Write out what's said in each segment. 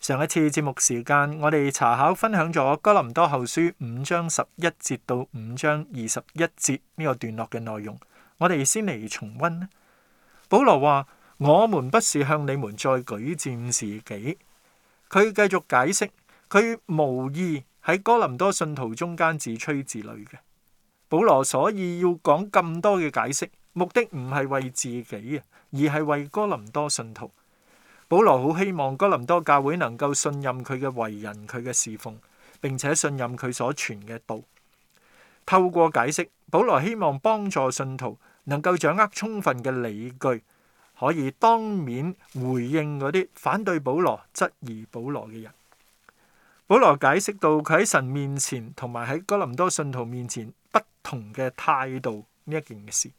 上一次節目時間，我哋查考分享咗哥林多後書五章十一節到五章二十一節呢個段落嘅內容。我哋先嚟重溫咧。保羅話：我們不是向你們再舉薦自己。佢繼續解釋，佢無意喺哥林多信徒中間自吹自擂嘅。保羅所以要講咁多嘅解釋，目的唔係為自己啊，而係為哥林多信徒。保羅好希望哥林多教會能夠信任佢嘅為人、佢嘅侍奉，並且信任佢所傳嘅道。透過解釋，保羅希望幫助信徒能夠掌握充分嘅理據，可以當面回應嗰啲反對保羅、質疑保羅嘅人。保羅解釋到佢喺神面前同埋喺哥林多信徒面前不同嘅態度呢一件事，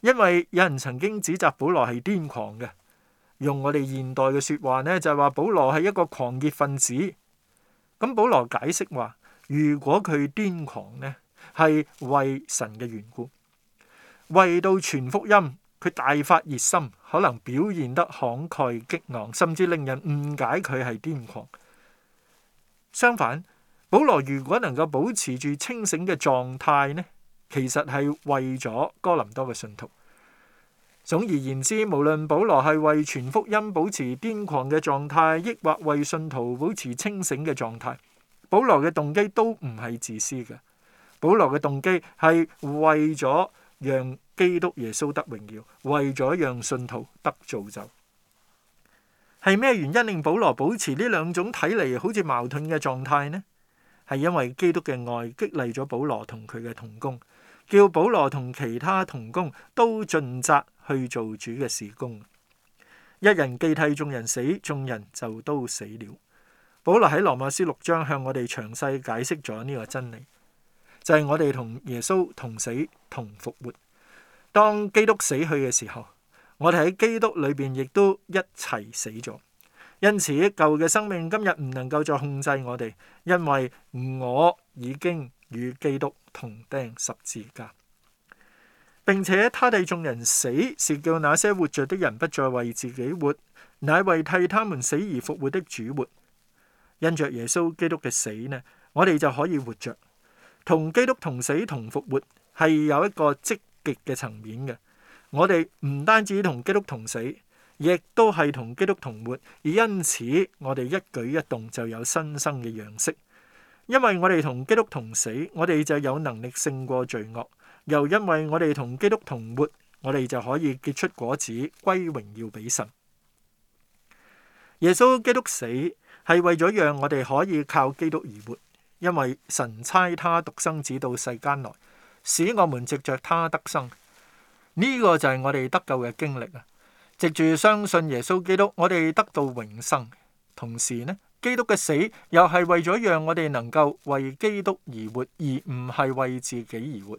因為有人曾經指責保羅係癲狂嘅。用我哋現代嘅説話呢，就係話保羅係一個狂熱分子。咁保羅解釋話，如果佢癲狂呢，係為神嘅緣故，為到全福音，佢大發熱心，可能表現得慷慨激昂，甚至令人誤解佢係癲狂。相反，保羅如果能夠保持住清醒嘅狀態呢，其實係為咗哥林多嘅信徒。總而言之，無論保羅係為傳福音保持癲狂嘅狀態，抑或為信徒保持清醒嘅狀態，保羅嘅動機都唔係自私嘅。保羅嘅動機係為咗讓基督耶穌得榮耀，為咗讓信徒得造就。係咩原因令保羅保持呢兩種睇嚟好似矛盾嘅狀態呢？係因為基督嘅愛激勵咗保羅同佢嘅同工，叫保羅同其他同工都盡責。去做主嘅事工，一人既替眾人死，眾人就都死了。保羅喺羅馬書六章向我哋詳細解釋咗呢個真理，就係、是、我哋同耶穌同死同復活。當基督死去嘅時候，我哋喺基督裏邊亦都一齊死咗。因此舊嘅生命今日唔能夠再控制我哋，因為我已經與基督同釘十字架。並且他哋眾人死，是叫那些活着的人不再為自己活，乃為替他們死而復活的主活。因着耶穌基督嘅死呢，我哋就可以活着，同基督同死同復活，係有一個積極嘅層面嘅。我哋唔單止同基督同死，亦都係同基督同活，而因此我哋一舉一動就有新生嘅樣式。因為我哋同基督同死，我哋就有能力勝過罪惡。又因為我哋同基督同活，我哋就可以結出果子，歸榮耀俾神。耶穌基督死係為咗讓我哋可以靠基督而活，因為神差他獨生子到世間來，使我們藉着他得生。呢個就係我哋得救嘅經歷啊！藉住相信耶穌基督，我哋得到永生。同時呢，基督嘅死又係為咗讓我哋能夠為基督而活，而唔係為自己而活。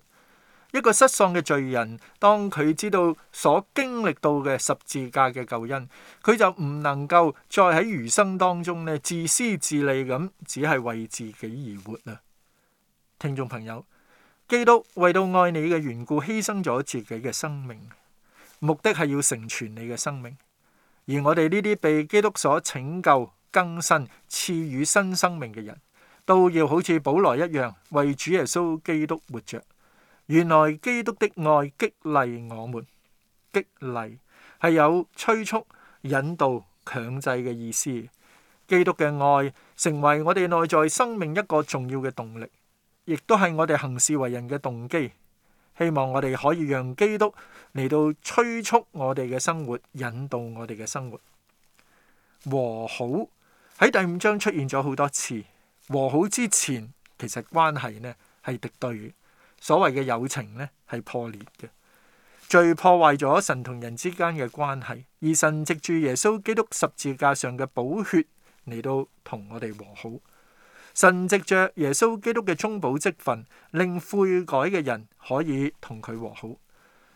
一個失喪嘅罪人，當佢知道所經歷到嘅十字架嘅救恩，佢就唔能夠再喺餘生當中咧自私自利咁，只係為自己而活啦。聽眾朋友，基督為到愛你嘅緣故，犧牲咗自己嘅生命，目的係要成全你嘅生命。而我哋呢啲被基督所拯救、更新、賜予新生命嘅人，都要好似保羅一樣，為主耶穌基督活着。原來基督的愛激勵我們，激勵係有催促、引導、強制嘅意思。基督嘅愛成為我哋內在生命一個重要嘅動力，亦都係我哋行事為人嘅動機。希望我哋可以讓基督嚟到催促我哋嘅生活，引導我哋嘅生活。和好喺第五章出現咗好多次，和好之前，其實關係呢係敵對。所謂嘅友情呢，係破裂嘅，罪破壞咗神同人之間嘅關係。而神藉住耶穌基督十字架上嘅寶血嚟到同我哋和好。神藉著耶穌基督嘅中保職分，令悔改嘅人可以同佢和好。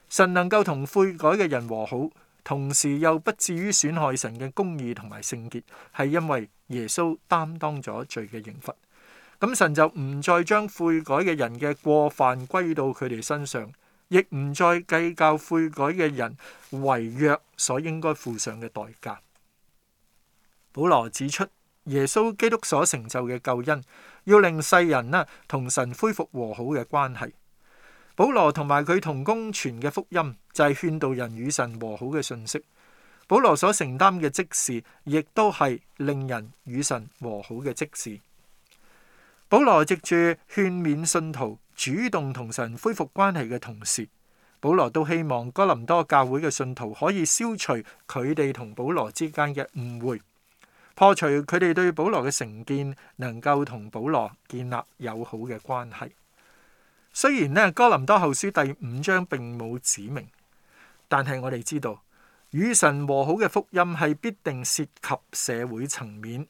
神能夠同悔改嘅人和好，同時又不至於損害神嘅公義同埋聖潔，係因為耶穌擔當咗罪嘅刑罰。咁神就唔再將悔改嘅人嘅過犯歸到佢哋身上，亦唔再計較悔改嘅人違約所應該付上嘅代價。保羅指出，耶穌基督所成就嘅救恩，要令世人呢同神恢復和好嘅關係。保羅同埋佢同工傳嘅福音，就係勸導人與神和好嘅信息。保羅所承擔嘅職事，亦都係令人與神和好嘅職事。保羅藉住勸勉信徒主動同神恢復關係嘅同時，保羅都希望哥林多教會嘅信徒可以消除佢哋同保羅之間嘅誤會，破除佢哋對保羅嘅成見，能夠同保羅建立友好嘅關係。雖然咧哥林多後書第五章並冇指明，但係我哋知道與神和好嘅福音係必定涉及社會層面。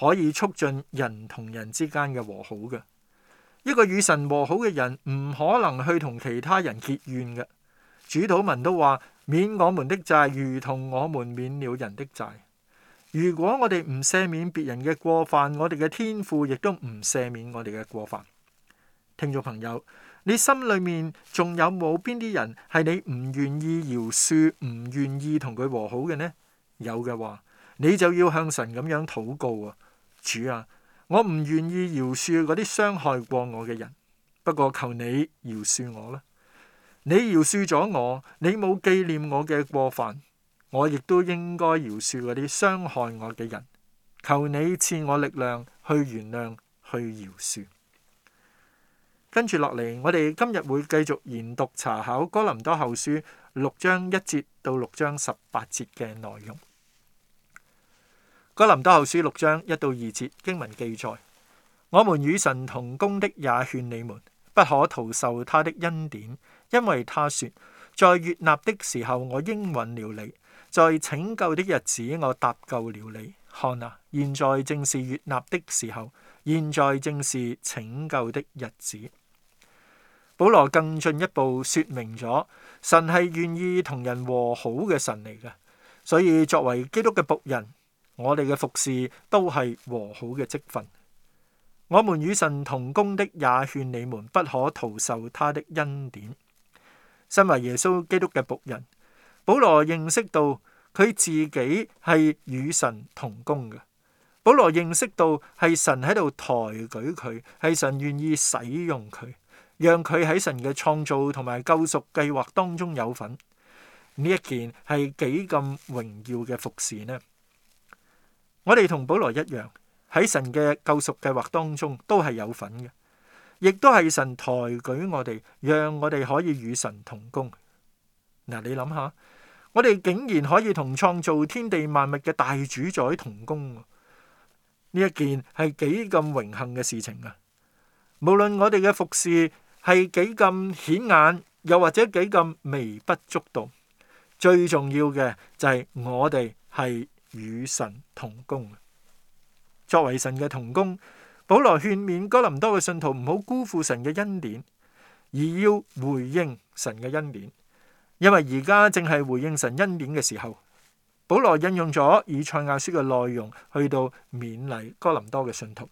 可以促進人同人之間嘅和好嘅，一個與神和好嘅人唔可能去同其他人結怨嘅。主禱文都話：免我們的債，如同我們免了人的債。如果我哋唔赦免別人嘅過犯，我哋嘅天父亦都唔赦免我哋嘅過犯。聽眾朋友，你心裏面仲有冇邊啲人係你唔願意饒恕、唔願意同佢和好嘅呢？有嘅話，你就要向神咁樣禱告啊！主啊，我唔願意饒恕嗰啲傷害過我嘅人，不過求你饒恕我啦。你饒恕咗我，你冇紀念我嘅過犯，我亦都應該饒恕嗰啲傷害我嘅人。求你賜我力量去原諒，去饒恕。跟住落嚟，我哋今日會繼續研讀查考哥林多後書六章一節到六章十八節嘅內容。哥林多後書六章一到二節經文記載，我們與神同工的也勸你們，不可徒受他的恩典，因為他說：在悦納的時候我應允了你，在拯救的日子我搭救了你。看啊，現在正是悦納的時候，現在正是拯救的日子。保羅更進一步說明咗，神係願意同人和好嘅神嚟嘅，所以作為基督嘅僕人。我哋嘅服侍都係和好嘅職分。我們與神同工的也勸你們，不可徒受他的恩典。身為耶穌基督嘅僕人，保羅認識到佢自己係與神同工嘅。保羅認識到係神喺度抬舉佢，係神願意使用佢，讓佢喺神嘅創造同埋救贖計劃當中有份。呢一件係幾咁榮耀嘅服侍呢？我哋同保羅一樣喺神嘅救贖計劃當中都係有份嘅，亦都係神抬舉我哋，讓我哋可以與神同工。嗱、啊，你諗下，我哋竟然可以同創造天地萬物嘅大主宰同工，呢一件係幾咁榮幸嘅事情啊！無論我哋嘅服侍係幾咁顯眼，又或者幾咁微不足道，最重要嘅就係我哋係。與神同工，作為神嘅同工，保羅勸勉哥林多嘅信徒唔好辜負神嘅恩典，而要回應神嘅恩典。因為而家正係回應神恩典嘅時候，保羅引用咗以賽亞書嘅內容去到勉勵哥林多嘅信徒。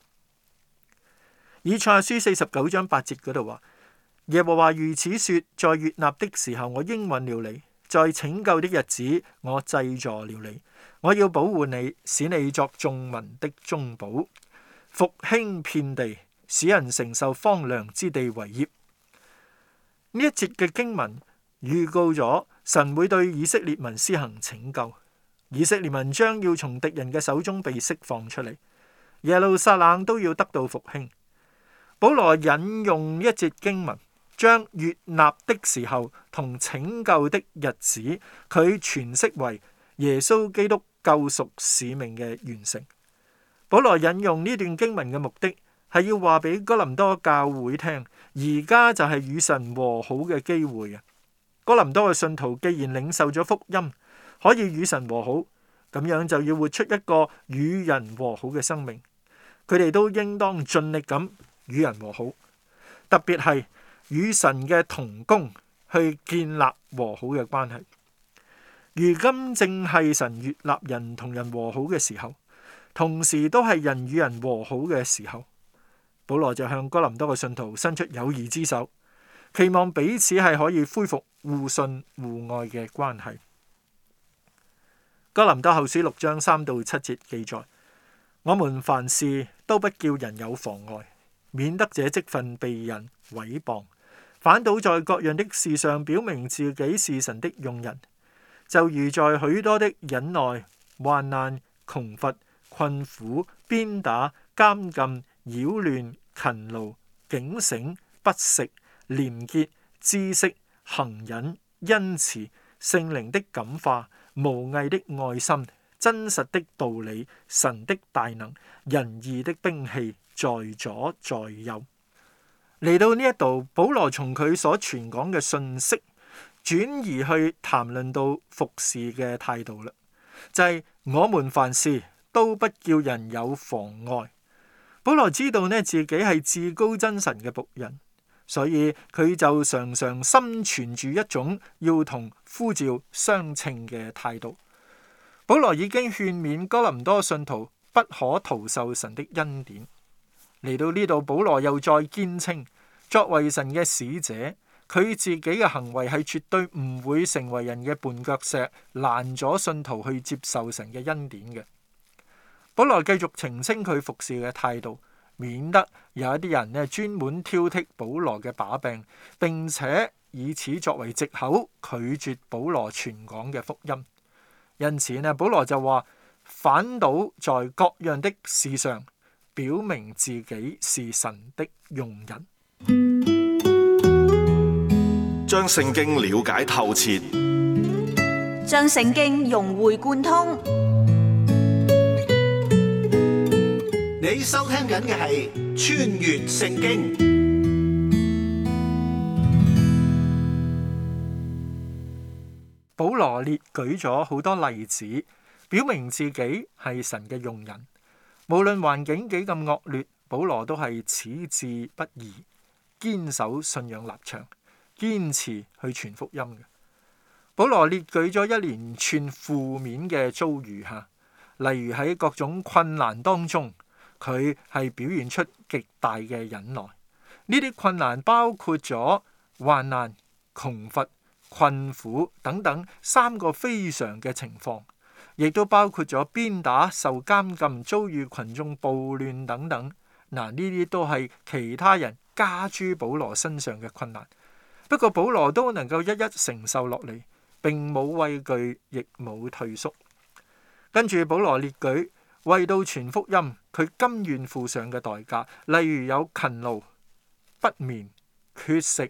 以賽亞書四十九章八節嗰度話：「耶和華如此說，在悅納的時候我，我應允了你。在拯救的日子，我濟助了你，我要保護你，使你作眾民的中保，復興遍地，使人承受荒涼之地為業。呢一節嘅經文預告咗神會對以色列民施行拯救，以色列民將要從敵人嘅手中被釋放出嚟，耶路撒冷都要得到復興。保羅引用一節經文。將悅納的時候同拯救的日子，佢詮釋為耶穌基督救贖使命嘅完成。保羅引用呢段經文嘅目的係要話俾哥林多教會聽，而家就係與神和好嘅機會。哥林多嘅信徒既然領受咗福音，可以與神和好，咁樣就要活出一個與人和好嘅生命。佢哋都應當盡力咁與人和好，特別係。與神嘅同工去建立和好嘅關係。如今正係神悅納人同人和好嘅時候，同時都係人與人和好嘅時候。保羅就向哥林多嘅信徒伸出友誼之手，期望彼此係可以恢復互信互愛嘅關係。哥林多後書六章三到七節記載：我們凡事都不叫人有妨礙，免得這職分被人毀謗。反倒在各樣的事上表明自己是神的用人，就如在許多的忍耐、患難、窮乏、困苦、鞭打、監禁、擾亂、勤勞、警醒、不食、廉潔、知識、恆忍、恩慈、聖靈的感化、無偽的愛心、真實的道理、神的大能、仁義的兵器，在左在右。嚟到呢一度，保羅從佢所傳講嘅信息轉移去談論到服侍嘅態度啦，就係、是、我們凡事都不叫人有妨礙。保羅知道呢自己係至高真神嘅僕人，所以佢就常常心存住一種要同呼召相稱嘅態度。保羅已經勸勉哥林多信徒不可徒受神的恩典。嚟到呢度，保羅又再堅稱，作為神嘅使者，佢自己嘅行為係絕對唔會成為人嘅絆腳石，攔咗信徒去接受神嘅恩典嘅。保羅繼續澄清佢服侍嘅態度，免得有一啲人咧專門挑剔保羅嘅把柄，並且以此作為借口拒絕保羅全港嘅福音。因此咧，保羅就話反倒在各樣的事上。表明自己是神的用人，將聖經了解透徹，將聖經融會貫通。你收聽緊嘅係《穿越聖經》。保羅列舉咗好多例子，表明自己係神嘅用人。無論環境幾咁惡劣，保羅都係矢志不移，堅守信仰立場，堅持去傳福音嘅。保羅列舉咗一連串負面嘅遭遇吓，例如喺各種困難當中，佢係表現出極大嘅忍耐。呢啲困難包括咗患難、窮乏、困苦等等三個非常嘅情況。亦都包括咗鞭打、受監禁、遭遇群眾暴亂等等。嗱，呢啲都係其他人加諸保羅身上嘅困難。不過保羅都能夠一一承受落嚟，並冇畏懼，亦冇退縮。跟住保羅列舉為到全福音，佢甘願付上嘅代價，例如有勤勞、不眠、缺食。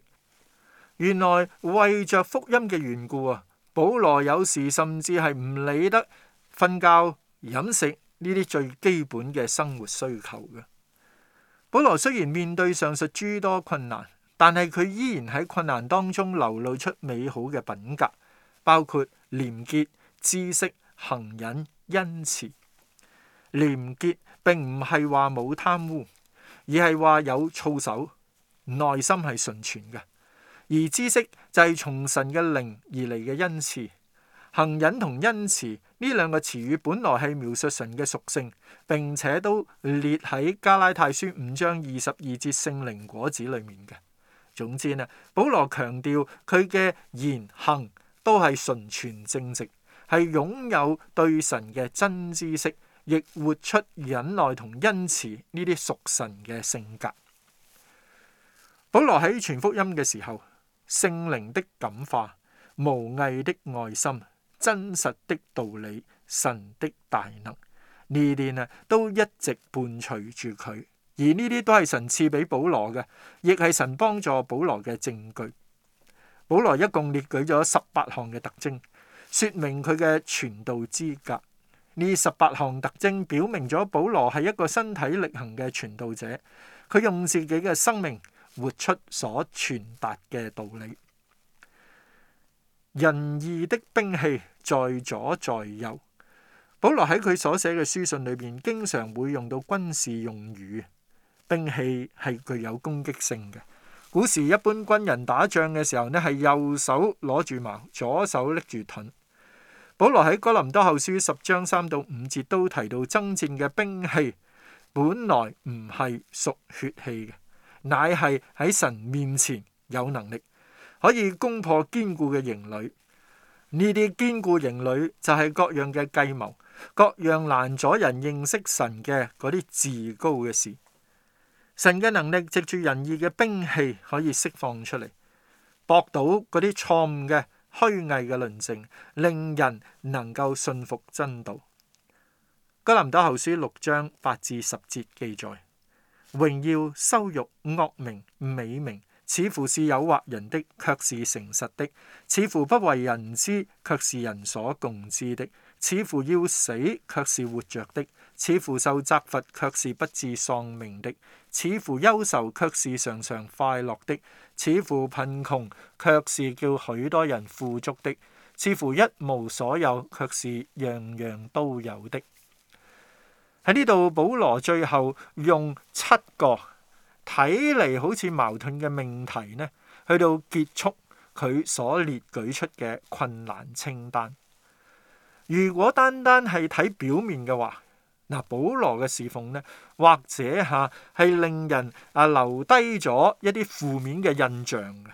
原來為着福音嘅緣故啊！保羅有時甚至係唔理得瞓覺、飲食呢啲最基本嘅生活需求嘅。保羅雖然面對上述諸多困難，但係佢依然喺困難當中流露出美好嘅品格，包括廉潔、知識、恆忍、恩慈。廉潔並唔係話冇貪污，而係話有操守，內心係純全嘅。而知識就係從神嘅靈而嚟嘅恩慈，恆忍同恩慈呢兩個詞語，本來係描述神嘅屬性，並且都列喺加拉太書五章二十二節聖靈果子裡面嘅。總之呢，保羅強調佢嘅言行都係純全正直，係擁有對神嘅真知識，亦活出忍耐同恩慈呢啲屬神嘅性格。保羅喺傳福音嘅時候，聖靈的感化，無偽的愛心、真實的道理、神的大能，呢啲呢都一直伴隨住佢，而呢啲都係神賜俾保羅嘅，亦係神幫助保羅嘅證據。保羅一共列舉咗十八項嘅特徵，說明佢嘅傳道資格。呢十八項特徵表明咗保羅係一個身體力行嘅傳道者，佢用自己嘅生命。活出所傳達嘅道理，仁義的兵器在左在右。保羅喺佢所寫嘅書信裏邊，經常會用到軍事用語。兵器係具有攻擊性嘅。古時一般軍人打仗嘅時候呢，係右手攞住矛，左手拎住盾。保羅喺哥林多後書十章三到五節都提到，爭戰嘅兵器本來唔係屬血氣嘅。乃係喺神面前有能力，可以攻破堅固嘅營壘。呢啲堅固營壘就係各樣嘅計謀，各樣難阻人認識神嘅嗰啲自高嘅事。神嘅能力藉住仁義嘅兵器可以釋放出嚟，駁倒嗰啲錯誤嘅虛偽嘅論證，令人能夠信服真道。哥林多後書六章八至十節記載。榮耀、羞辱、惡名、美名，似乎是誘惑人的，卻是誠實的；似乎不為人知，卻是人所共知的；似乎要死，卻是活着的；似乎受責罰，卻是不致喪命的；似乎憂愁，卻是常常快樂的；似乎貧窮，卻是叫許多人富足的；似乎一無所有，卻是樣樣都有的。喺呢度，保羅最後用七個睇嚟，好似矛盾嘅命題呢，去到結束佢所列舉出嘅困難清單。如果單單係睇表面嘅話，嗱，保羅嘅侍奉呢，或者吓係令人啊留低咗一啲負面嘅印象嘅，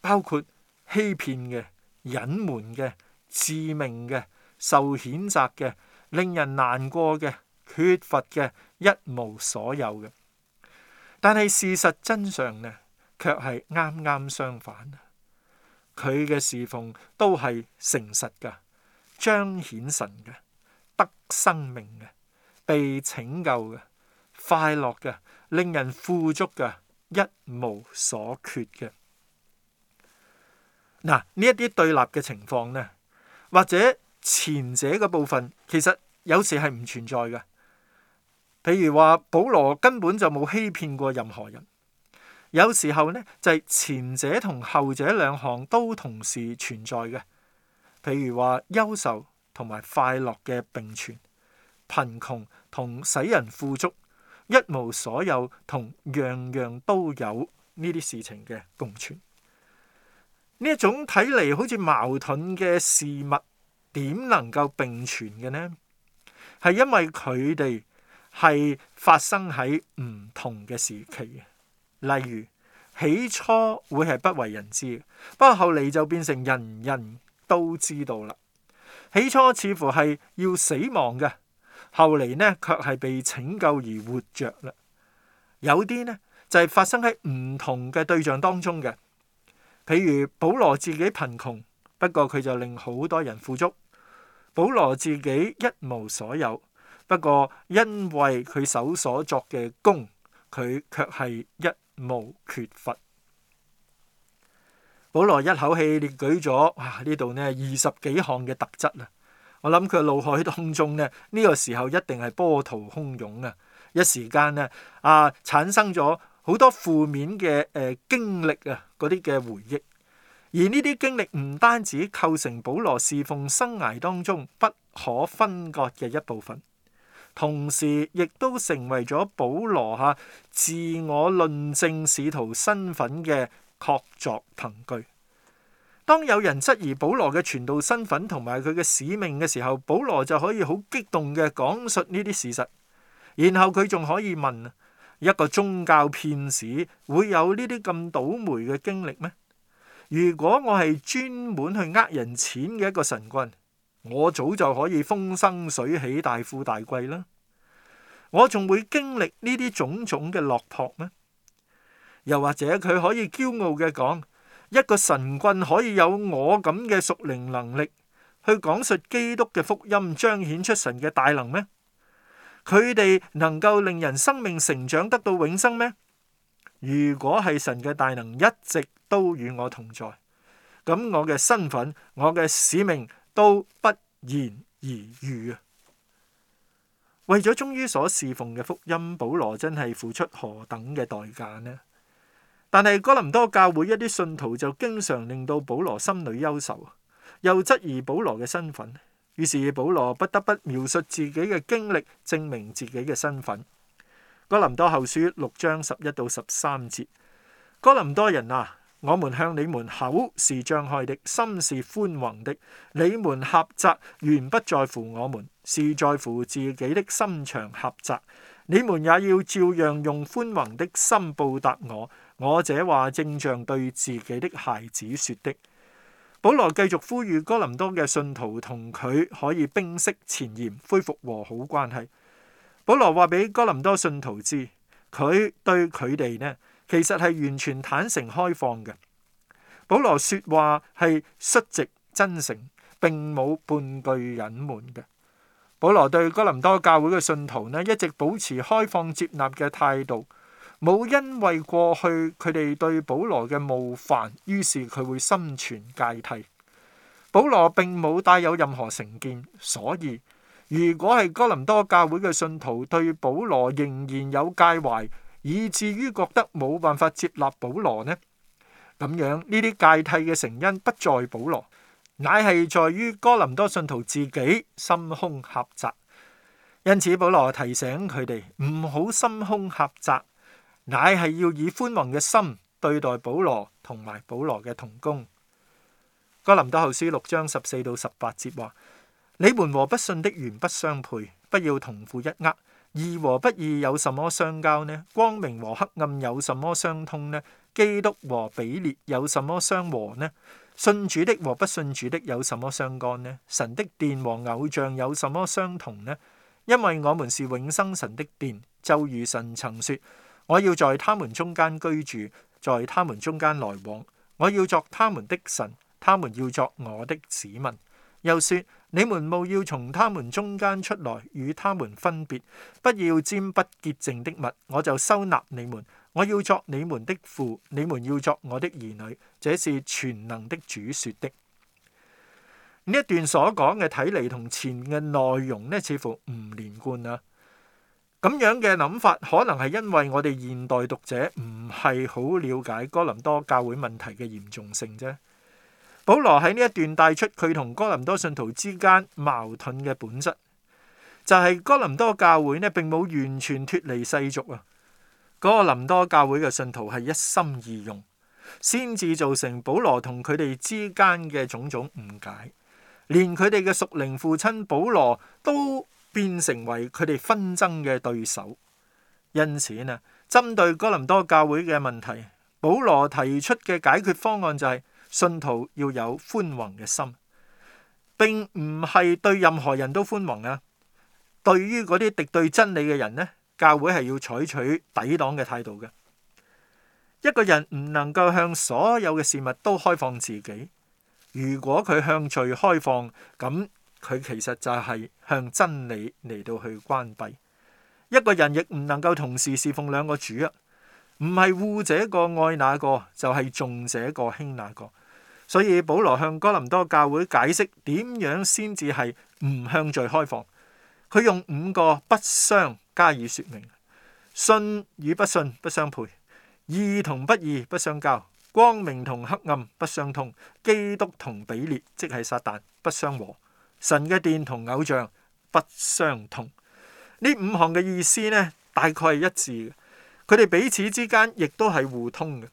包括欺騙嘅、隱瞞嘅、致命嘅、受譴責嘅、令人難過嘅。缺乏嘅，一無所有嘅，但係事實真相呢，卻係啱啱相反。佢嘅侍奉都係誠實㗎，彰顯神㗎，得生命㗎，被拯救㗎，快樂㗎，令人富足㗎，一無所缺嘅。嗱，呢一啲對立嘅情況呢，或者前者嘅部分，其實有時係唔存在嘅。譬如話保羅根本就冇欺騙過任何人。有時候呢，就係前者同後者兩項都同時存在嘅。譬如話優秀同埋快樂嘅並存，貧窮同使人富足，一無所有同樣樣都有呢啲事情嘅共存。呢一種睇嚟好似矛盾嘅事物，點能夠並存嘅呢？係因為佢哋。係發生喺唔同嘅時期嘅，例如起初會係不為人知，不過後嚟就變成人人都知道啦。起初似乎係要死亡嘅，後嚟呢卻係被拯救而活着啦。有啲呢就係發生喺唔同嘅對象當中嘅，譬如保羅自己貧窮，不過佢就令好多人富足。保羅自己一無所有，不過，因為佢手所作嘅功，佢卻係一無缺乏。保羅一口氣列舉咗哇！呢度咧二十幾項嘅特質啊！我諗佢腦海當中咧呢、呢個時候一定係波濤洶湧啊！一時間咧啊，產生咗好多負面嘅誒、呃、經歷啊，嗰啲嘅回憶。而呢啲經歷唔單止構成保羅侍奉生涯當中不可分割嘅一部分。同時，亦都成為咗保羅嚇自我論證使徒身份嘅確鑿憑據。當有人質疑保羅嘅傳道身份同埋佢嘅使命嘅時候，保羅就可以好激動嘅講述呢啲事實。然後佢仲可以問：一個宗教騙子會有呢啲咁倒霉嘅經歷咩？如果我係專門去呃人錢嘅一個神棍，我早就可以風生水起、大富大貴啦。我仲會經歷呢啲種種嘅落魄咩？又或者佢可以驕傲嘅講，一個神棍可以有我咁嘅屬靈能力去講述基督嘅福音，彰顯出神嘅大能咩？佢哋能夠令人生命成長得到永生咩？如果係神嘅大能一直都與我同在，咁我嘅身份、我嘅使命，都不言而喻啊！為咗忠於所侍奉嘅福音，保羅真係付出何等嘅代價呢？但係哥林多教會一啲信徒就經常令到保羅心裏憂愁，又質疑保羅嘅身份。於是保羅不得不描述自己嘅經歷，證明自己嘅身份。哥林多後書六章十一到十三節，哥林多人啊！我們向你們口是張開的，心是寬宏的，你們狹窄原不在乎我們，是在乎自己的心腸狹窄。你們也要照樣用寬宏的心報答我。我這話正像對自己的孩子說的。保羅繼續呼籲哥林多嘅信徒同佢可以冰釋前嫌，恢復和好關係。保羅話俾哥林多信徒知，佢對佢哋呢，其實係完全坦誠開放嘅。保羅説話係率直真誠，並冇半句隱瞞嘅。保羅對哥林多教會嘅信徒呢，一直保持開放接納嘅態度，冇因為過去佢哋對保羅嘅冒犯，於是佢會心存芥蒂。保羅並冇帶有任何成見，所以如果係哥林多教會嘅信徒對保羅仍然有介懷，以至於覺得冇辦法接納保羅呢？咁樣呢啲芥蒂嘅成因不在保羅，乃係在於哥林多信徒自己心胸狹窄。因此保羅提醒佢哋唔好心胸狹窄，乃係要以寬宏嘅心對待保羅同埋保羅嘅同工。哥林多後書六章十四到十八節話：你們和不信的原不相配，不要同負一軛。義和不義有什麼相交呢？光明和黑暗有什麼相通呢？基督和比列有什麼相和呢？信主的和不信主的有什麼相干呢？神的殿和偶像有什麼相同呢？因為我們是永生神的殿，就如神曾說：我要在他們中間居住，在他們中間來往，我要作他們的神，他們要作我的子民。又說。你們務要從他們中間出來，與他們分別，不要沾不潔淨的物，我就收納你們。我要作你們的父，你們要作我的兒女。這是全能的主說的。呢一段所講嘅睇嚟同前嘅內容呢，似乎唔連貫啊。咁樣嘅諗法，可能係因為我哋現代讀者唔係好了解哥林多教會問題嘅嚴重性啫。保羅喺呢一段帶出佢同哥林多信徒之間矛盾嘅本質，就係哥林多教會呢，並冇完全脫離世俗啊。哥林多教會嘅信徒係一心二用，先至造成保羅同佢哋之間嘅種種誤解，連佢哋嘅屬靈父親保羅都變成為佢哋紛爭嘅對手。因此啊，針對哥林多教會嘅問題，保羅提出嘅解決方案就係。信徒要有寬宏嘅心，並唔係對任何人都寬宏啊。對於嗰啲敵對真理嘅人呢，教會係要採取抵擋嘅態度嘅。一個人唔能夠向所有嘅事物都開放自己。如果佢向罪開放，咁佢其實就係向真理嚟到去關閉。一個人亦唔能夠同時侍奉兩個主啊！唔係護這個愛那個，就係、是、重這個輕那個。所以保羅向哥林多教會解釋點樣先至係唔向罪開放，佢用五個不相加以說明：信與不信不相配，義同不義不相交，光明同黑暗不相通，基督同比列即係撒旦不相和，神嘅殿同偶像不相通。呢五項嘅意思呢，大概係一致嘅，佢哋彼此之間亦都係互通嘅。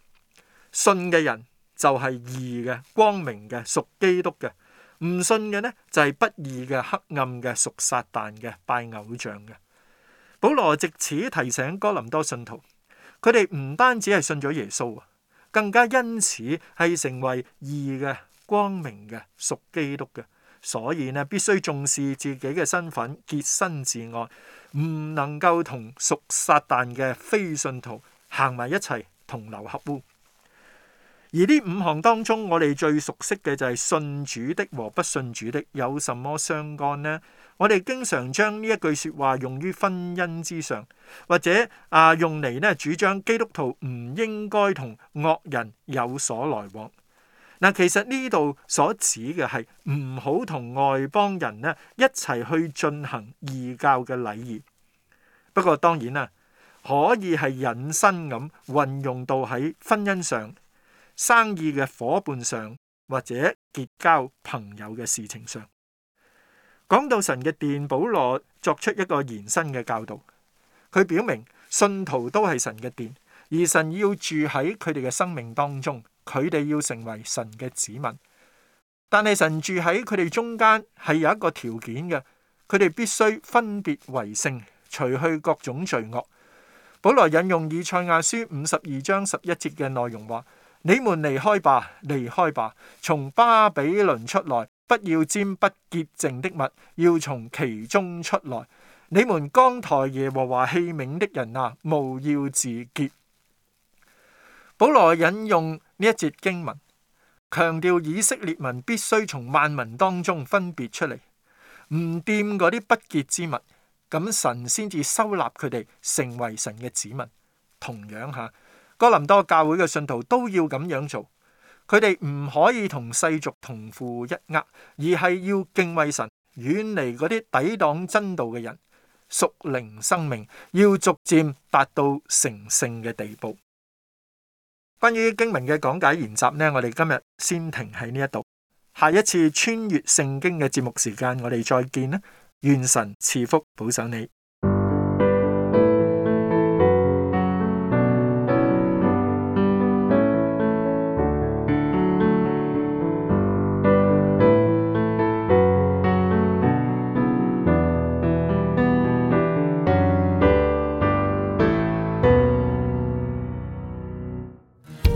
信嘅人。就係義嘅、光明嘅、屬基督嘅；唔信嘅呢，就係不義嘅、黑暗嘅、屬撒但嘅、拜偶像嘅。保羅藉此提醒哥林多信徒，佢哋唔單止係信咗耶穌啊，更加因此係成為義嘅、光明嘅、屬基督嘅，所以呢，必須重視自己嘅身份，潔身自愛，唔能夠同屬撒但嘅非信徒行埋一齊，同流合污。而呢五項當中，我哋最熟悉嘅就係信主的和不信主的有什麼相干呢？我哋經常將呢一句説話用於婚姻之上，或者啊用嚟咧主張基督徒唔應該同惡人有所來往。嗱，其實呢度所指嘅係唔好同外邦人咧一齊去進行異教嘅禮儀。不過當然啦，可以係引申咁運用到喺婚姻上。生意嘅夥伴上或者結交朋友嘅事情上，講到神嘅殿，保羅作出一個延伸嘅教導。佢表明信徒都係神嘅殿，而神要住喺佢哋嘅生命當中，佢哋要成為神嘅子民。但係神住喺佢哋中間係有一個條件嘅，佢哋必須分別為聖，除去各種罪惡。保羅引用以賽亞書五十二章十一節嘅內容話。你們離開吧，離開吧，從巴比倫出來，不要沾不潔淨的物，要從其中出來。你們扛抬耶和華器皿的人啊，務要自潔。保羅引用呢一節經文，強調以色列民必須從萬民當中分別出嚟，唔掂嗰啲不潔之物，咁神先至收納佢哋，成為神嘅子民。同樣吓。哥林多教會嘅信徒都要咁樣做，佢哋唔可以同世俗同負一軛，而係要敬畏神，遠離嗰啲抵擋真道嘅人，屬靈生命要逐漸達到成聖嘅地步。關於經文嘅講解研習呢，我哋今日先停喺呢一度，下一次穿越聖經嘅節目時間，我哋再見啦！願神賜福保守你。